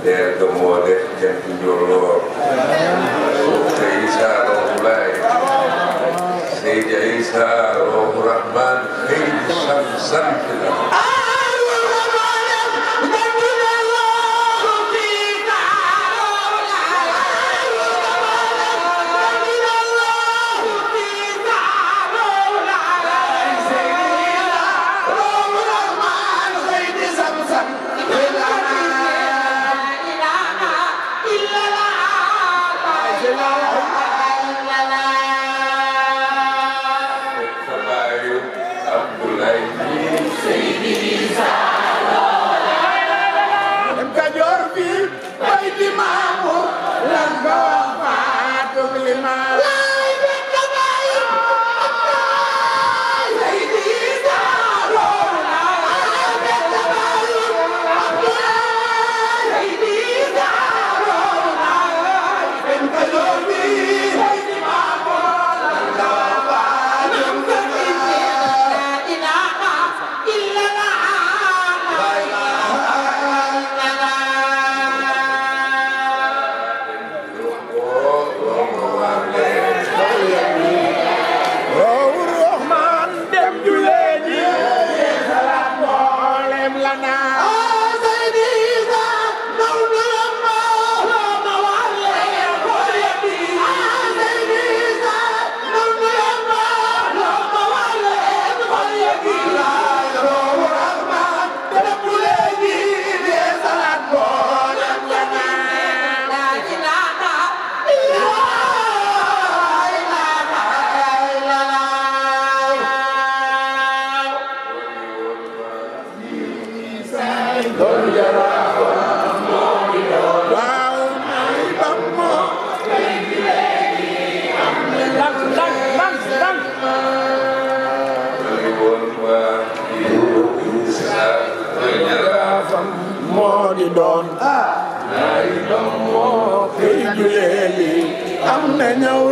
semua derde moode jantinjolloor seydi isa roh rohulay seydi isa rohurahman feydi sam samfila I no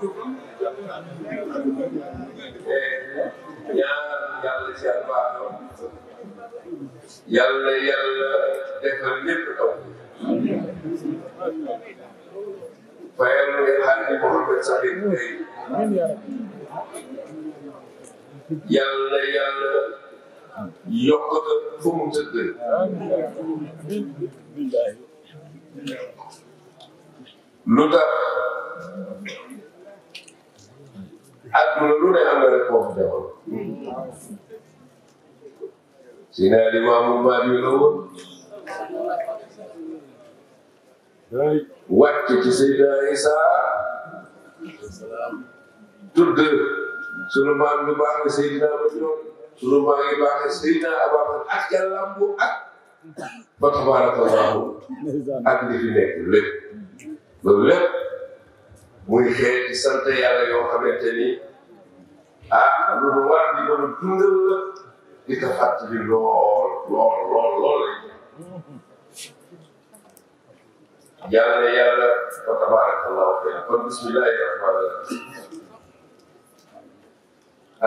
te ñaan yàlla ci albaaram yàlla yàlla defal yokk fu mu lu tax adduna lu ne am na réponse jamono si na limaamu Maalik la woon wàcc ci Seydina Isa tudd sunu maam bi baax Seydina ba ñoom sunu maam yi baax Seydina ak jàllam bu ak ba tabaaraka Allahu ak li fi nekk lépp loolu lépp muy xeeti sant yàlla yoo xamante ni ah lu mu war di mën a dundal la di ko fàttali lool lool lool lool lañ yàlla ne yàlla fa tabarakallahu fee kon bismillahi rahmaani rahim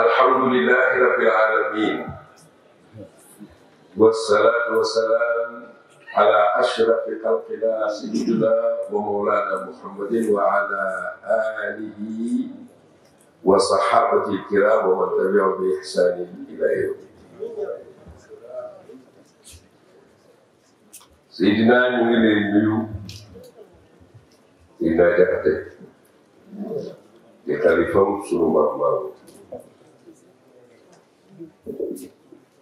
alhamdulillahi rabbil alamin wasalaatu wasalaam على اشرف خلق الله سيدنا ومولانا محمد وعلى اله وصحابته الكرام ومن تبعهم باحسان الى يوم الدين. سيدنا نقول لنيو إلى جهته لخليفهم سلوم أحمد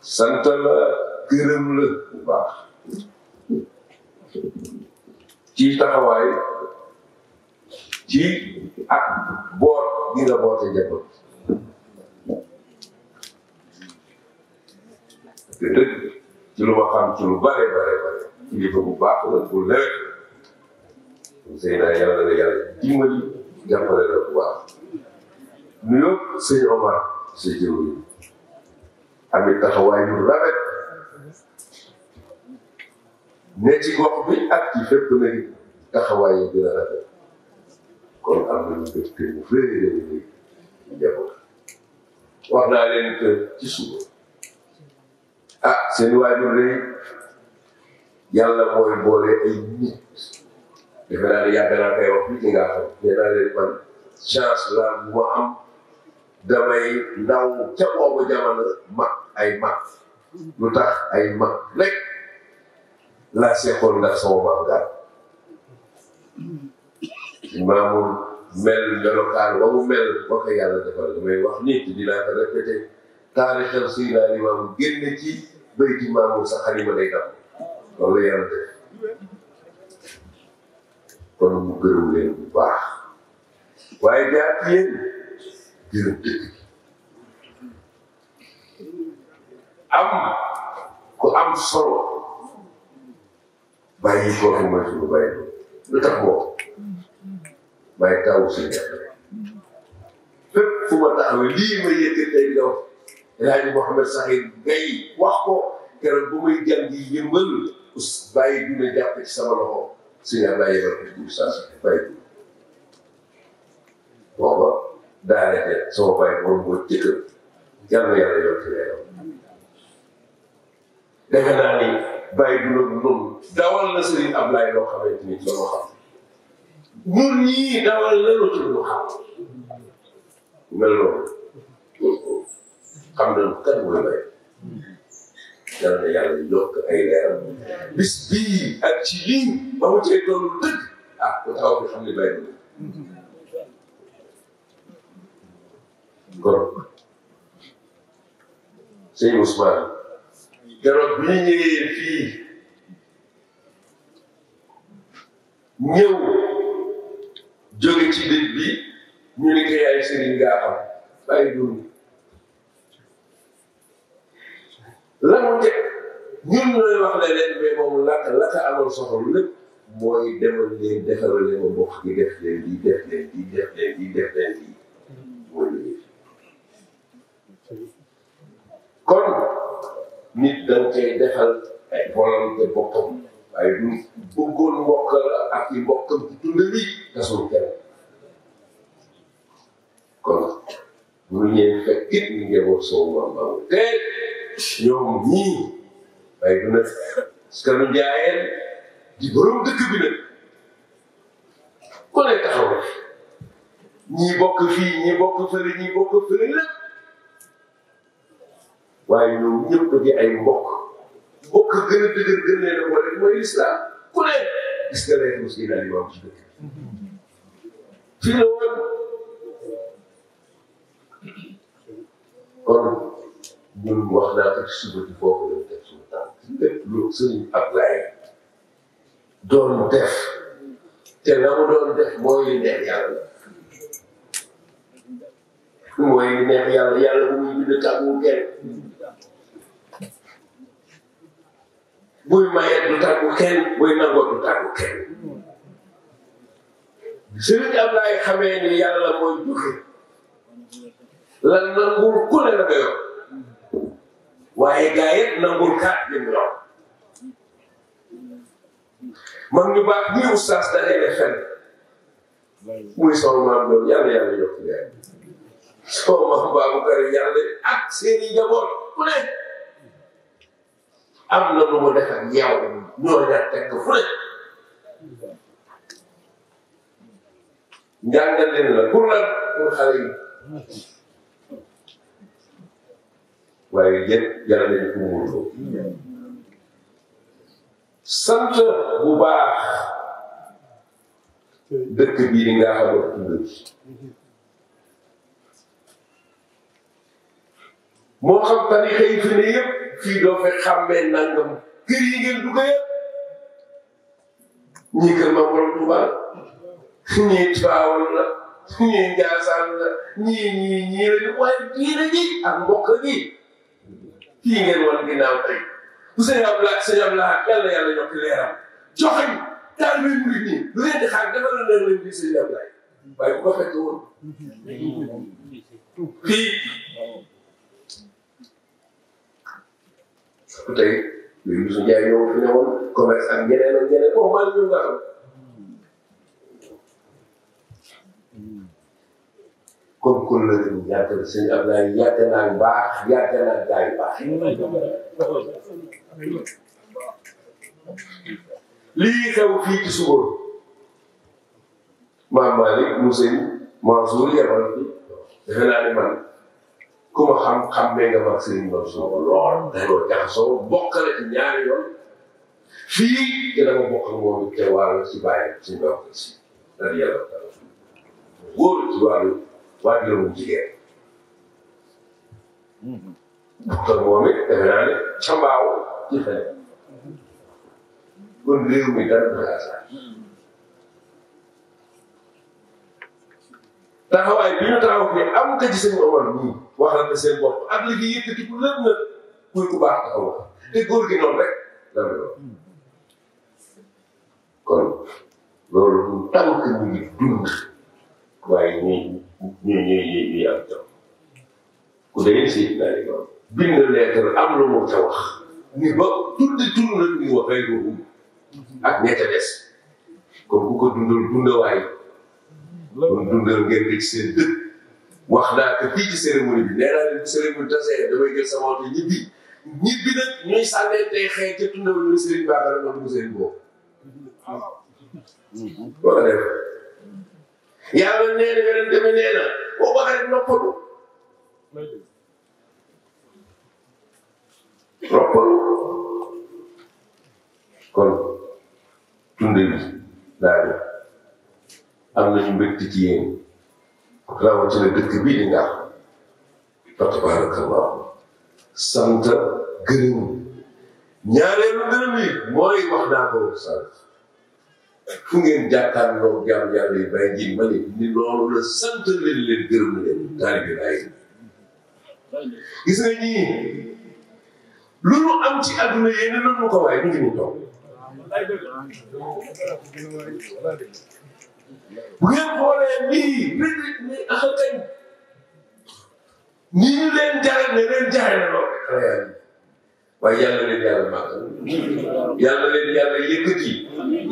سنتما كرم له ci taxawaay ci ak boot gi nga bootee njaboot te dëgg ci lu ma xam bare bare bare bu baax la bu lewet sëy naa yàlla na yàlla dimbali jàppale la bu baax nuyoo sëñ Omar sa jëwriñ amit taxawaay yu rafet ne ci gox bi ak ci fépp dana taxawaay yi dina rafet am nañu mbégte mu ah seen waajur de yàlla mooy boole ay nit defe naa ne yàgg naa ci nga xam nee naa leen man chance la am damay ndaw ca boobu jamono mag ay mag lu tax ay mag rek. laa seqoon ndax sama maam daal maamu mel melokaan wa mu mel ba ko yàlla defal damay wax nit dinaa ko répété taarixal suy naa ni maamu génn ci bayti maamu sa xalima day dam loolu la yàlla def kon mu gërëm leen bu baax waaye jaar ci yéen am ku am solo bàyyi kooku mooy suñu bàyyi lu tax moo bàyyi taawu suñu jàppale fépp fu ma taxawee lii may yëkkati tey ndaw El Hadj Mouhamed Sakhir Gaye wax ko keroog bu may jàng yi yëmbal bàyyi dina jàpp ci sama loxo suñu ablaye yëngal ko ci saa si bàyyi ko booba daanaka sama bàyyi moom moo ci kër yàlla yàlla yor ci defe naa ni. bàyyi du loolu loolu dawal na Serigne Ablaye loo xamante ni loo xam ñun ñii dawal na lu ci lu xam mel noonu xam nañu kan mooy bay yàlla na yàlla yokk ay leeral bis bii ak ci lii ba mu cee doon dëgg ah ku taw bi xam ne bay na kon sëñ Ousmane keroog bi ñëwee fii ñëw jóge ci dëj bi ñu ne ko yaay Serigne Gaaxam bàyyi dund la mu njëkk ñun ñooy wax ne leen mais moom lakk lakk amal soxla lépp mooy demal leen defaral leen ma bokk di def leen di def leen di def leen di def leen kon nit da nga koy defal ay volonté boppam waaye du bëggoon mbokk la ak i mbokkam ci dund bi tasul kenn kon mu ñeen fekk it ñu ngi war soo te ñoom ñii waaye du nag parce que nu jaayeen di borom dëkk bi nag ku ne taxaw na ñii bokk fii ñii bokk fële ñii bokk fële lépp waaye ñoom ñëpp di ay mbokk mbokk gën a dëgër gën leen a boole ku ne gis nga lay mos yi daal di waaw ci kon wax naa ko ci suba ci foofu lañ def suñu tànk lépp lu sëriñ Ablaye doon def te la mu doon def mooy neex mooy neex yàlla yàlla bu muy bind tàggu kenn buy maye du tàggu kenn buy nangoo du tàggu kenn sëriñ am laay xamee ni yàlla mooy joxe la nangul ku la nga yor waaye gaa yëpp nangul kaat bi mu yor mag ñu baax ñi oustaz da leen fenn muy sama maam doon yokk leen soo maam Babacar yàlla ak seeni i njaboot fu ne am na lu mu def ak ñaaw ñoo ñaar tekk fu ne njàngal leen la pour lan pour xale yi waaye yéen yàlla nañu ko muurloo sant bu baax dëkk bii nga moo xam tarixa yi fi ne yëpp fii doo fi xàmmee nangam kër yi ngeen duggee ñii kër ma borom Tuuba ñii Tiwaawan la ñii Njaasaan la ñii ñii ñii la ñu waaye diine ji ak mbokk gi kii ngeen wan ginnaaw tey bu sëñ Abdoulaye sëñ Abdoulaye yàlla yàlla yokk leeram joxañ taal bi murit ñi leen di xaar dafa la leen leen di sëñ Abdoulaye waaye bu ko fekk woon mm-hmm. fii ku tey yooyu Youssou Ndiaye ñoo fi newoon commerce ak ñeneen ak ñeneen bon maa ngi ñëw gàttal kon kon la ñu yàgg na sëñ Abdoulaye yàgg naa baax yàgg naa gaa yu baax. lii xew fii ci suba maam Malick Moussine Mansour yabal fi defe naa ne man. ku ma xam-xam bee nga mag Serigne Mansour lool dañoo jaxasoo bokk na ci ñaari yoon fii dina ma bokk moom te wàllu ci bàyyi ci ñoom aussi dara yàlla dara wóor ci wàllu wàllu jigéen kon moom it defe naa ne ca mbaaw ci fenn kon réew mi dara dara saa taxawaay bi ñu taxaw fi am ka ci sëñ Omar nii waxal na seen bopp ak li fi yëkkati bu lëb na kuy ku baax taxaw na te góor gi noonu rek la may kon loolu du tànk ñu dund waaye ñuy ñuy ñuy ñuy am jom ku dee si naa di wax bind lettre am lu mu ca wax ni ba tudde tur waxee boobu ak ñett des kon ku ko dundal dundawaay kon dundal ngeen rek seen dëkk wax naa que fii ci cérémonie bi nee naa leen cérémonie tasee damay jël sama oto ñibbi ñibbi nag ñuy sànnentee xëy ca tundaw ñu Serigne Ba la noonu Serigne boobu. boo ko def yàlla nee na yonent bi nee na boo ko rek noppalu. noppalu kon tunda bi daal am nañu mbégte ci yéen. rawatina dëkk bii di Ndar fa tabarakallah sant gërëm ñaareelu gërëm yi mooy wax naa ko sant fu ngeen jàkkaarloo jaam yàlla yi bàyyi njiit ma ne ni loolu la sant leen leen gërëm leen taalibi laay gis nga ñii lu ñu am ci àdduna yéen a doon mu ko waaye ñu ngi bu ngeen xoolee nii nit ñi nii am nañu nii ñu leen jaay ne leen jaay na lool. waaye yàlla leen yàlla màggal yàlla leen yàlla yëkkati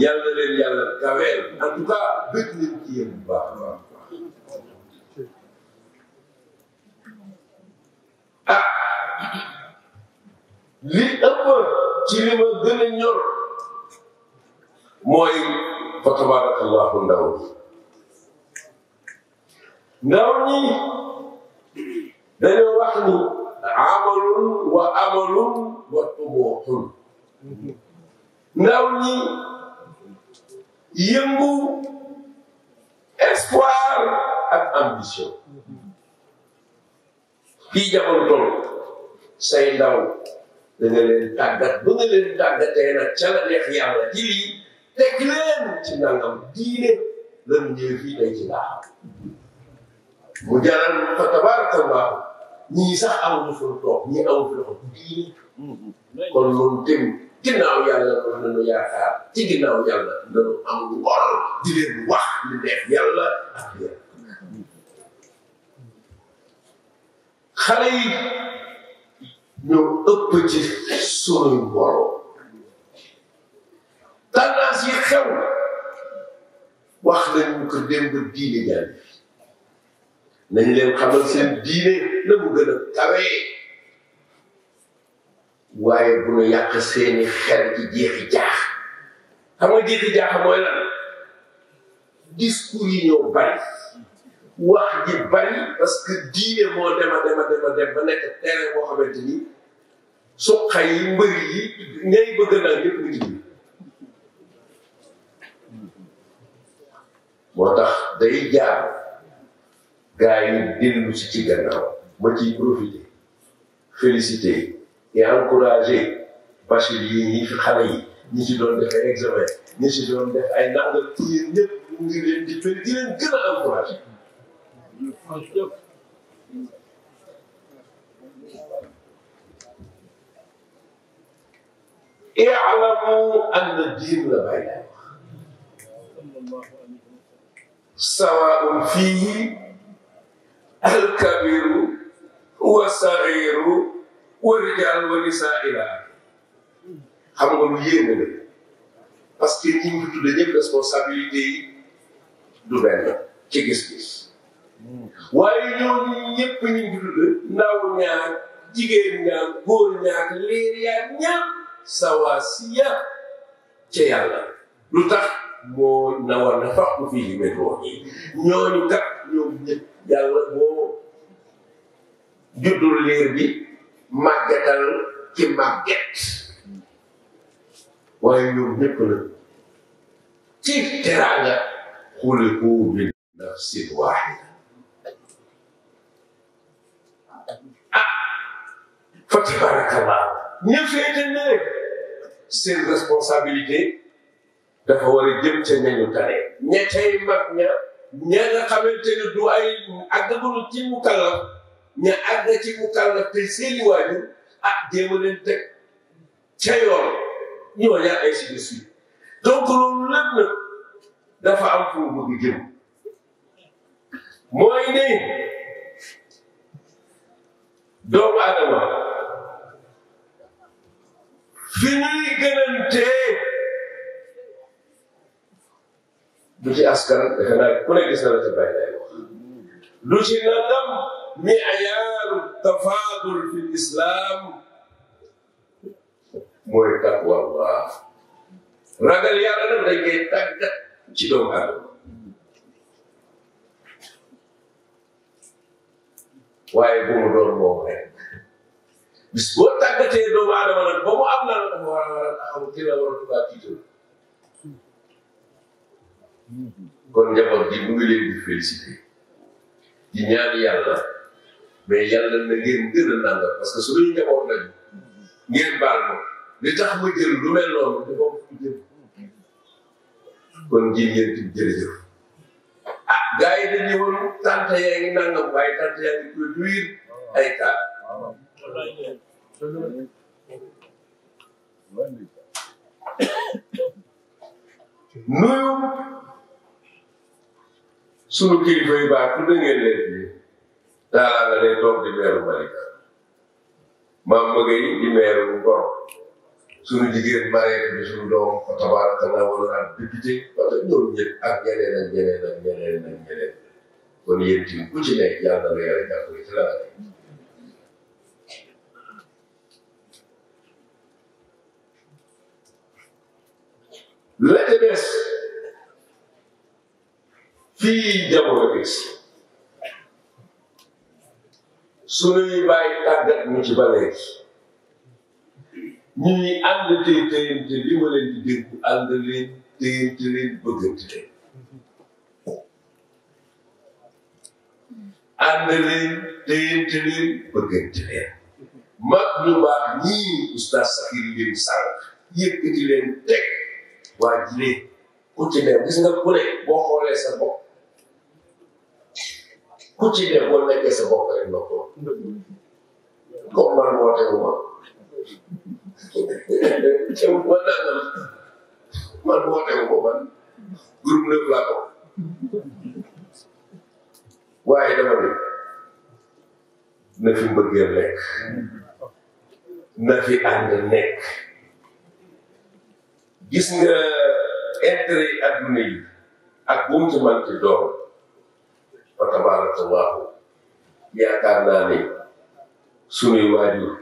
yàlla leen yàlla kaweel en tout cas bëgg nañ ci yéen bu baax a baax. ah ëpp ci li ma gën a ñor mooy. fa tabarakallahu ndaw ndaw ñi dañoo wax ni amalun wa amalun wa tubuxun ndaw ñi yëngu espoir ak ambition fii jamono toll say ndaw da nga leen tàggat ba nga leen tàggatee nag ca la neex yàlla ci lii teg leen ci nangam diine lanu ñëw fii day ci laaxam mu jaral fa tabarakallahu ñii sax amuñu fa lu toog ñii amuñu fa loxo diine kon loolu tamit ci ginnaaw yàlla nañu am lu wol di leen wax li neex yàlla ak yàlla xale ëpp ci sunuy mbooloo tendance yi xew wax nañu ko démb diine jàng nañ leen xamal seen diine na mu gën a tawee waaye bu ñu yàq seeni xel ci jeexi jaax xam nga jeexi jaax mooy lan discours yi ñoo bari wax ji bari parce diine moo dema dema dema dem ba nekk terrain boo xamante ni suqa yi mbëri yi ngay bëgg naa ñëpp ngi ci moo tax day jaamu gars yi dellu si ci gannaaw ma ciy profité félicité et encouragé bachir yi ñi fi xale yi ñi ci doon def ay examen ñi ci doon def ay nanga yéen ñëpp ñu ngi leen di di leen gën a encouragé اعلموا ان الدين لا بيع sawaun fiihi alkabiru wa saxiiru wa rijaal wa nisaa ila xam nga lu yéeme la parce que ñi ñu tudde ñëpp responsabilité du benn ci gis-gis waaye ñooñu ñëpp ñu tudde ndaw ñaar jigéen ñaar góor ñaar leer yaa ñaar sawaasiya ca yàlla lu tax moo nawal na faq fii li mel noonu ñooñu kat ñoom ñëpp yàlla moo juddul liir bi màggatal ci màgget waaye ñoom ñëpp la ci teraanga xuliqu min nafsin waahida ah fa tabaarakallah ña féete ne seen responsabilité dafa war a jëm ca ñañu tane ña cay mag ña ña nga xamante ne du ay àggagunu ci mu kàllaf ña àgg ci mu kàllaf te seeni waajur ah jéem a ca yoon ñoo ñaar ainsi de suite donc doomu adama fi ñuy gënantee luci askan defe naa ku ne gis na la ci bàyyi lay wax fi islam mooy taqwa Allah ragal yàlla nag dañ koy tàggat ci doomu aadama waaye bu mu doon moom rek bis boo tàggatee doomu aadama nag ba mu am la kon njaboot di mu ngi leen di félicité di ñaan yàlla mais yàlla na ngeen gën a nangam parce que suñu njaboot lañu ngeen baal ma li tax ma jël lu mel noonu dafa ko fu jël kon jii ngeen tudd jërëjëf ah gars yi dañu woon tante yaa ngi nangam waaye tante yaa ngi produire ay kaar nuyu suma kilifa yu baax tudd ngeen leen fii taalaa nga day toog di meeru Malika maam mëgay di meeru Ngor sunu jigéen Marième bi sunu doom fa tabarakallah wala ak député wala ñoom ñëpp ak ñeneen ak ñeneen ak ñeneen ak ñeneen kon yéen tim ku ci nekk yàlla na yàlla jàppale ci laa la ca des fii jamono bi suñuy bàyyi mu ci ba léegi ñuy ànd tey téyante li ma leen di dégg ànd leen téyante leen bëggante leen ànd leen téyante leen bëggante leen mag ñu baax ñii oustaz Sakir leen sànq yëkkati leen teg waa ji ku ci ne gis nga ku ne boo xoolee sa bopp kucine won nekke so bokko e nokko gomman wote uma cem wonanam man wote umo man gurum lew lako waaye dama ne na fi mbëggeel nekk na fi ànd nekk gis nga intérêt yi adduna yi ak bu mu ci man ci doom fatabarakallahu yaakaar naa sunuy waajur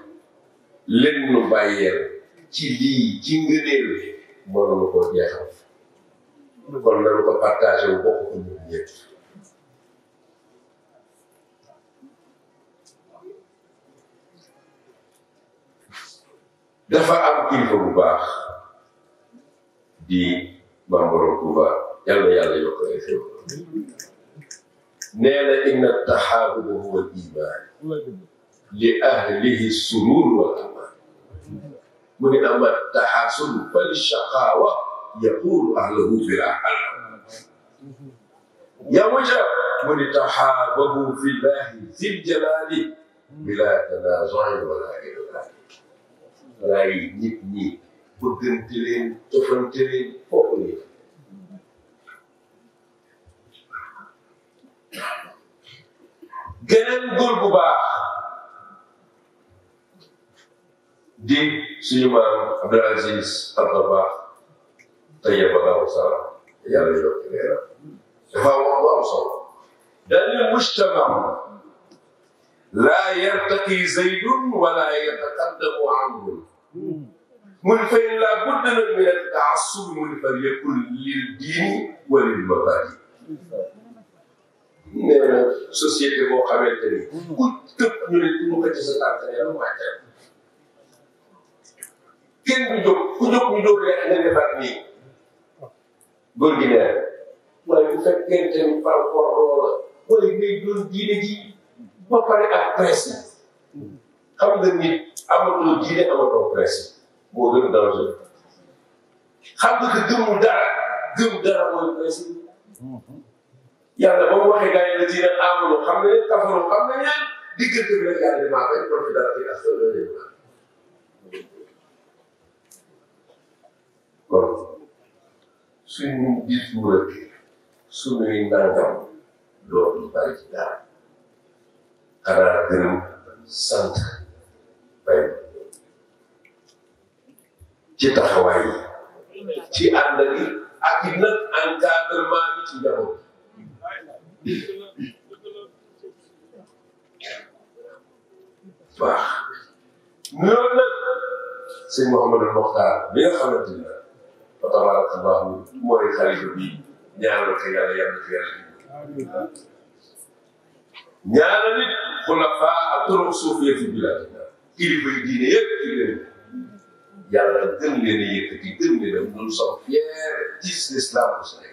nu bàyyeel ci lii ci ngëneel jeexal kon di bambaro Touba yàlla yàlla نال ان التحابب هو الايمان لاهله السرور والامان من اما التحاسب فللشقاوه يقول اهله في الاحلام يا وجب من تحاببوا في الله ذي الجلال بلا تنازع ولا ذلك. لا يجبني بدنتلين تفنتلين فو gënal góor bu baax di suñu maam abdulaziz Aziz tayyaba Dabakh tayyibana wa sara yàlla yokk leeram dafa wax lu am solo dal dani mujtama laa yartaqi zaydun wala yataqaddamu amrun من فإن لا fa من lil من wa lil وللمبادئ nee na société boo xamante ni ku tëb ñu ne ñu ko ci sa tànk yàlla wàccal kenn du jóg ku jóg ñu jóg rek nga defaat nii góor gi nee waaye bu fekkente ni par rapport loola waaye ngay doon diine ji ba pare ak presse xam nga nit amatoo diine amatoo presse moo gën danger xam nga gëmul dara gëm dara mooy presse. yàlla ba mu waxee gars yi la ci ren amuñu xam nga ne kafaru xam nga ñaan diggante bi la yàlla di maa bay kon fi dara ci askan wi la kon suñu gis bu rëkk suñuy nangam dootul bari ci dara xanaa gërëm sant bay ci taxawaay yi ci ànd ak ak nag encadrement bi ci njaboot waaw loolu nag sëñ Mouhamadou Mokhtar bi nga xamante ni fa tabarakallahu mooy xalifa bi ñaanal ko yàlla yàlla fi yàlla ñaanal nit xulafa ak torob suufee fi bilaad kilifa yi diine yëpp ci leen yàlla gën leen a yëkkati gën leen a nous sommes fiers ci l'islam bu Sénégal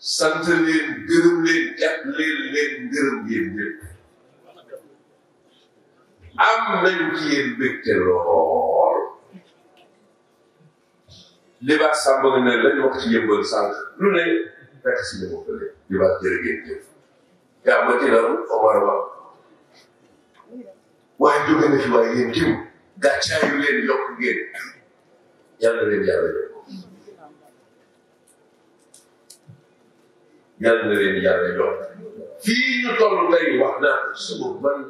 sant leen gërëm leen jàpp leen leen gërëm yéen ñëpp am nañ ci yéen mbégte lool libaas sàmb nga ne lañ wax ci yëmbal sànq lu ne fekk si ne ma fële libaas jërëgéen jëf yaa ma ci daru Omar wa waaye jóge na fi waaye leen yokk leen yàlla na leen yàlla jox fii ñu toll man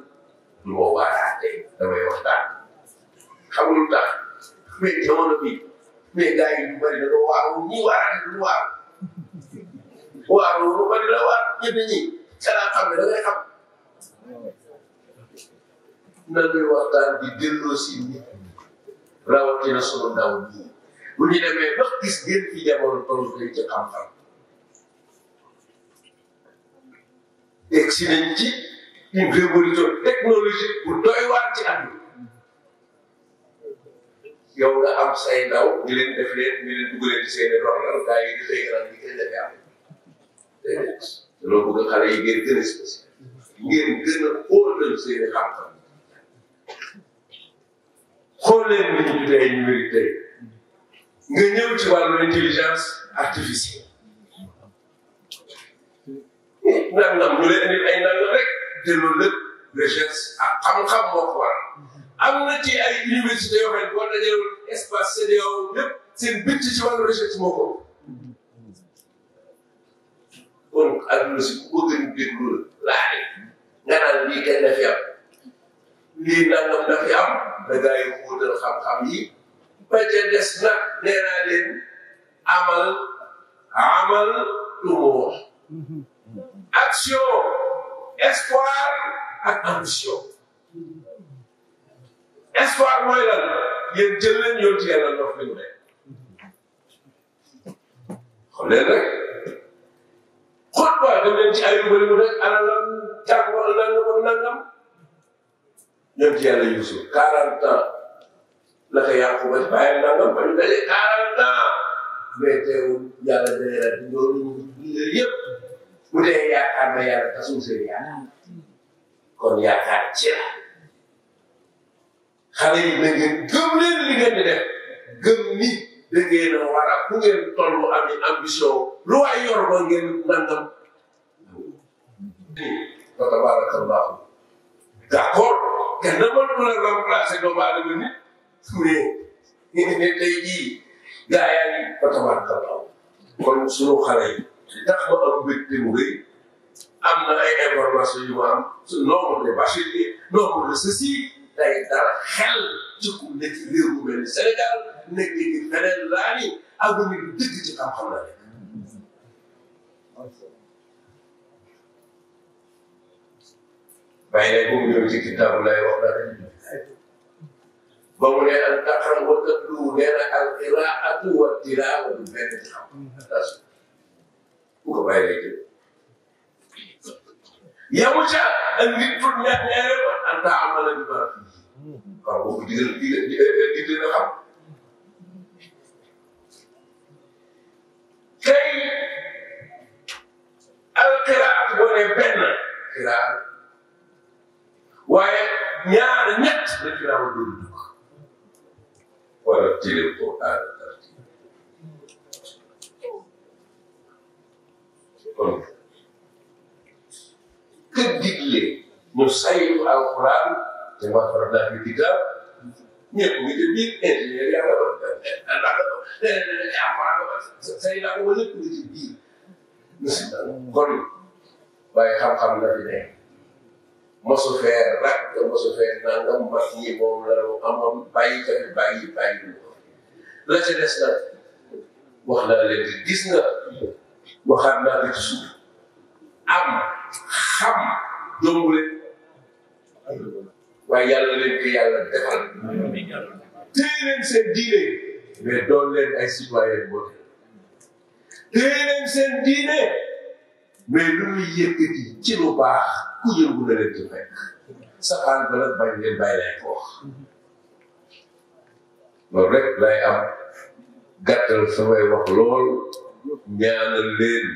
lu ma waaraatee damay waxtaan xamul lu tax mais jamono bi mais gars yi ñu bëri da nga waaru ñi waaraatee du waaru waaru lu bëri la waar ñenn ñi ca laa xam ne da ngay xam nan lay waxtaan di delloo si nit rawatina sunu ndaw bi bu ñu demee ba gis ngeen fi jamono si nañ ci une révolution technologique bu doy waar ci àdduna yow nga am say ndaw ñu leen def leen ñu leen dugalee ci seen i programme gaa yi di xëy na di gën a def am déedéet loolu bëgg xale yi ngeen gën a spécial ngeen gën a xóotal seen i xam-xam xool leen ni ñu tuddee ay numérique tey nga ñëw ci wàllu intelligence artificielle. nangam ñu lay indil ay nangam rek te loolu lépp recherche ak xam-xam moo ko waral am na ci ay université yoo xam ne boo dajeel espace CEDEAO lépp seen bitt ci wàllu recherche moo ko kon adduna si ku bëgg a déglu la laaj nga naan lii kenn na fi am lii nangam na fi am da gaa yi xóotal xam-xam yi ba ca des nag nee naa leen amal amal lu mu wax action, espoir ak ambition espoir mooy lan yéen jël leen yoon ci yàlla ndox li mu ne xam leen rek xutba dem leen ci ayu bëri mu rek ana lan tàgg wala nangam ak nangam ñoom ci yàlla yusuf 40 ans la ko yàqu ba ci bàyyi nangam ba ñu daje 40 ans mais teewul yàlla day la di loolu yëpp bu dee yaakaar na yàlla tasum seen yaakaar kon yaakaar ci la xale na ngeen gëm leen li ngeen di def gëm ni da ngeen a war a ku ngeen toll ami ambition ba ngeen nangam fa tabaraka allahu d' accord kenn mënu la remplacer doomu aadama nit mais tey jii gaa yaa ngi fa tabaraka allahu kon sunu xale li tax ma am mbégte mu rëy am na ay information yu am su nombre de bacheliers nombre de ceci day dal xel ci ku nekk réew mu mel ni Sénégal nekk di feneen laa ni avenir bi ci xam-xam la nekk bàyyi lay boobu ñëw ci kitaabu lay wax dara ba mu ne an taqra wa tatlu nee na al nga bàyyi lay jëm yamu ca ak nit pour ñaar ñaare ba anta amal ak ma waaw boobu digal digal digal na xam tey alqiraat boo ne benn qiraat waaye ñaar ñett la ci laa ma doon dugg wala télé ko aadama kon ka digle ñu saytu te ma faral naa fi kitaab ñëpp ñu ngi biir eh, ingénieur yàlla ba àndax la ko saytu ko ba lépp nga ci biir ñu si kon waaye xam-xam na fi ne mosu fee rakk mosu fee nangam mag ñi moom la amoon bàyyi tamit bàyyi bàyyi la ca des wax naa leen di gis nga. waxaat naa la ci suuf am xam jombu leen waaye yàlla leen ko yàlla defal téye leen seen diine doon leen ay citoyen boo téye leen seen diine mais lu muy yëkkati ci lu baax ku yëngu na leen ci fekk sa xaal ba bañ leen bàyyi lay ko wax rek lay am gàttal samay wax lool ñaanal leen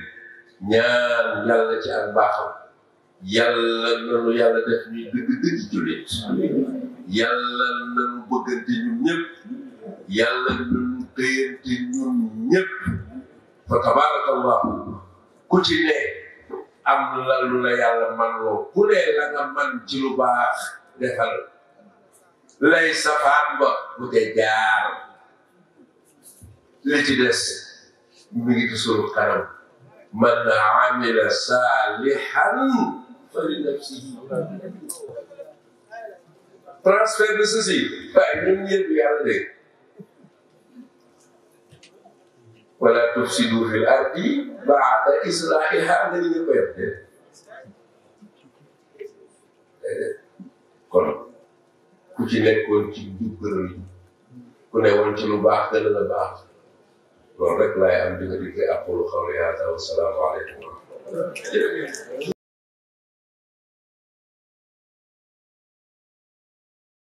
ñaan yàlla ci ak baaxam yàlla nanu yàlla def ñuy dëgg-dëgg jullit yàlla nanu bëggante ñun ñëpp yàlla nanu téyante ñun ñëpp fa tabaraka allahu ku ci ne am la lu la yàlla man loo ku ne la nga man ci lu baax defal lay safaan ba bu dee jaar ci des mi ngi ci sunu kanam man amila saalihan fali nafsihi transfert de ceci waaye ñun ñëpp yàlla de wala tufsidu fil ardi baada islaahiha dañu ñu koy de kon ku ci nekkoon ci jub ku ne woon ci lu baax dana la baax loolu rek laay am di ko digle aqulu qawli hada wa salaamu aleykum wa rahmatullah